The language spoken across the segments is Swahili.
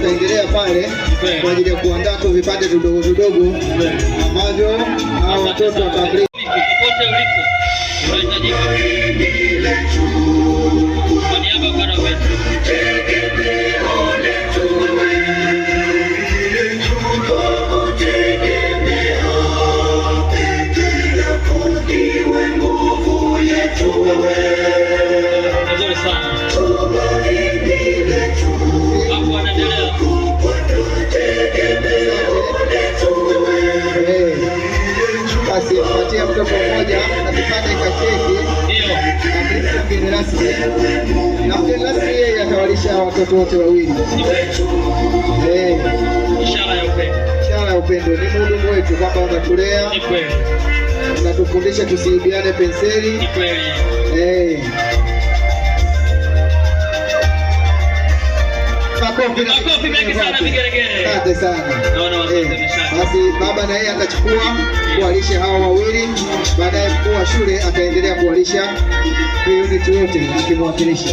ukaendelea pale kwa ajili ya kuandaa tu vipande vidogo vidogo ambavyo hao watoto watakulia. kupatia mtu mmoja na kipande cha keki na mgeni rasmi, na mgeni rasmi yeye atawalisha watoto wote wawili, eh. ishara ya upendo. Ni muhudumu wetu kwamba unatulea, unatufundisha tusiibiane penseli. Eh. Makofi mengi sana, vigeregere. Asante sana. Eh, basi baba na yeye atachukua kuwalisha hawa wawili, baadaye mkuu wa shule ataendelea kuwalisha unit yote akimwakilisha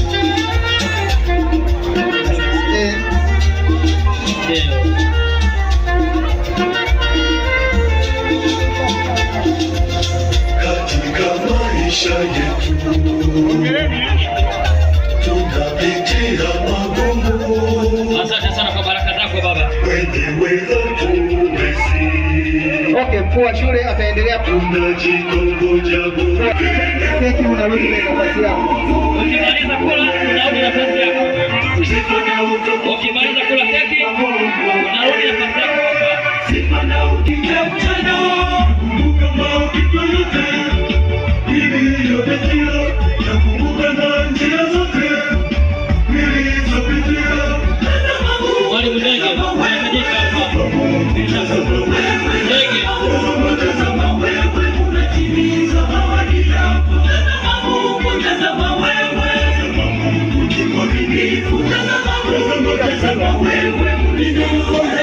eh. katika maisha yetu tunapitia wake mkuu wa shule ataendelea Because I know when, when we do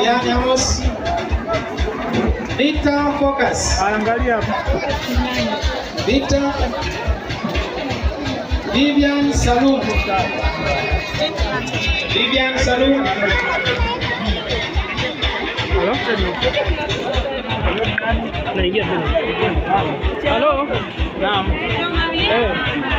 Yeah, yeah, was... Vita focus. Angalia hapo. Vita Vivian Salum. Vivian Hello. Hello. Naam. Eh.